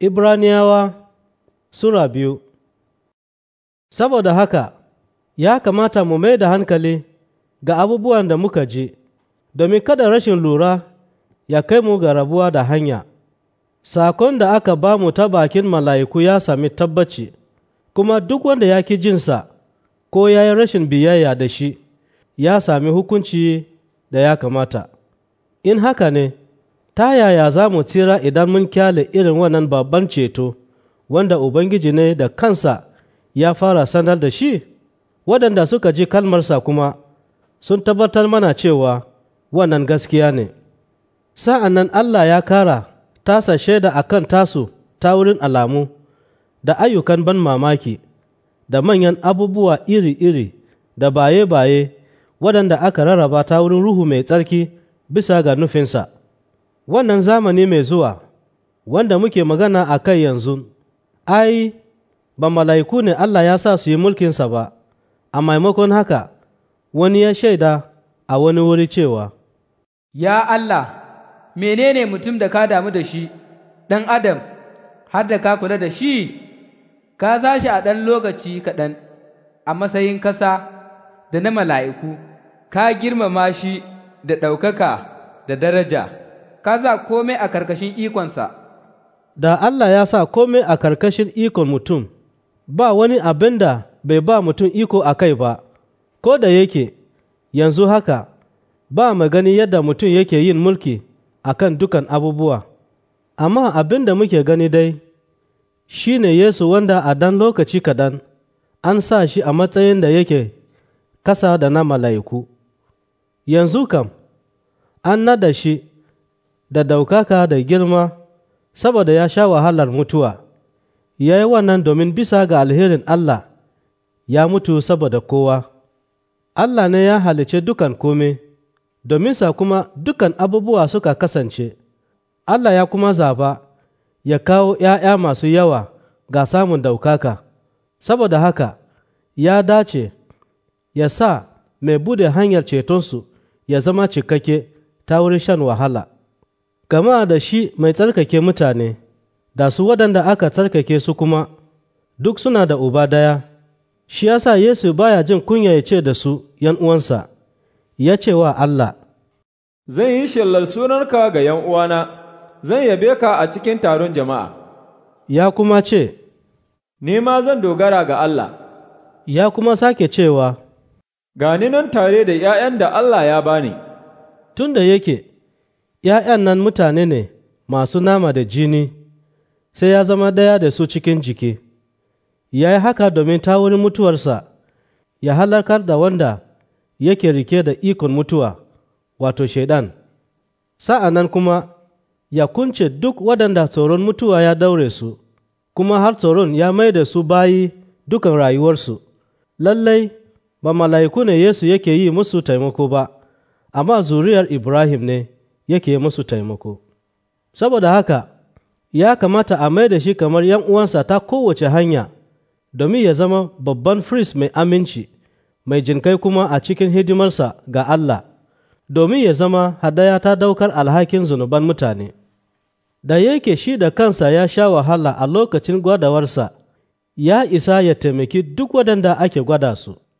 Ibraniyawa Sura biyu Saboda haka, ya kamata mu mai da hankali ga abubuwan da muka ji, domin kada rashin lura ya kai mu ga rabuwa da hanya. Sakon da aka ba mu ta bakin mala'iku ya sami tabbaci, kuma duk wanda ya ki jinsa ko ya yi rashin biyayya da shi, ya sami hukunci da ya kamata. In haka ne, ta yaya za mu tsira idan mun kyale irin wannan babban ceto wanda Ubangiji ne da kansa ya fara sanar da shi? Waɗanda suka ji kalmarsa kuma sun tabbatar mana cewa wannan gaskiya ne. Sa'an nan Allah ya kara tasa da a kan tasu ta wurin alamu da ayyukan ban mamaki da manyan abubuwa iri-iri da baye-baye waɗanda aka rarraba ta wurin Ruhu mai tsarki bisa ga nufinsa. wannan zamani mai zuwa wanda muke magana a kai yanzu ai ba mala'iku ne Allah ya sa su yi mulkinsa ba a maimakon haka wani ya shaida a wani wuri cewa ya Allah menene mutum da ka damu da shi ɗan adam har da ka kula da shi ka za shi a ɗan lokaci kaɗan a matsayin kasa da na mala'iku ka girmama shi da ɗaukaka da daraja. ka za kome a karkashin ikonsa. Da Allah ya sa kome a karkashin ikon mutum, ba wani abin da bai ba mutum iko a kai ba, ko da yake yanzu haka ba gani yadda mutum yake yin mulki a kan dukan abubuwa. Amma abin da muke gani dai, shi ne Yesu wanda a dan lokaci kaɗan an sa shi a matsayin da yake kasa da na mala'iku. Yanzu kam, an nada shi da daukaka da girma saboda ya sha wahalar mutuwa ya yi wannan domin bisa ga alherin Allah ya mutu saboda kowa Allah ne ya halice dukan kome sa kuma dukan abubuwa suka kasance Allah ya kuma zaba ya kawo ‘ya'ya masu yawa ga samun daukaka saboda haka ya dace ya sa mai bude hanyar cetonsu ya zama cikakke ta wurin shan wahala gama da shi mai tsarkake mutane, da su waɗanda aka tsarkake su kuma, duk suna da uba daya, shi ya sa Yesu baya jin kunya ya ce da su ’yan uwansa, ya ce wa Allah, Zan yi shelar sunarka ga ’yan uwana, zan yabe ka a cikin taron jama'a. Ya kuma ce, Ni ma zan dogara ga Allah. Ya kuma sake cewa, Gani nan tare da ’ya'yan da Allah ya bani. Tunda da yake, ’ya'yan nan mutane ne masu nama da jini, sai ya zama ɗaya da su cikin jiki, ya yi haka domin ta wurin mutuwarsa ya halakar da wanda yake rike da ikon mutuwa, wato Shaiɗan. Sa'an nan kuma ya kunce duk waɗanda tsoron mutuwa ya daure su, kuma har tsoron ya mai da su bayi dukan rayuwarsu. Lallai, ba mala'iku ne Yesu yake yi musu taimako ba, amma zuriyar Ibrahim ne. yake musu taimako. Saboda haka, ya kamata a mai da shi kamar ‘yan uwansa ta kowace hanya, domin ya zama babban firist mai aminci, mai jinkai kuma a cikin hidimarsa ga Allah, domin ya zama hadaya ta daukar alhakin zunuban mutane. Da yake shi da kansa ya sha wahala a lokacin gwadawarsa, ya isa ya taimaki duk waɗanda ake gwada su.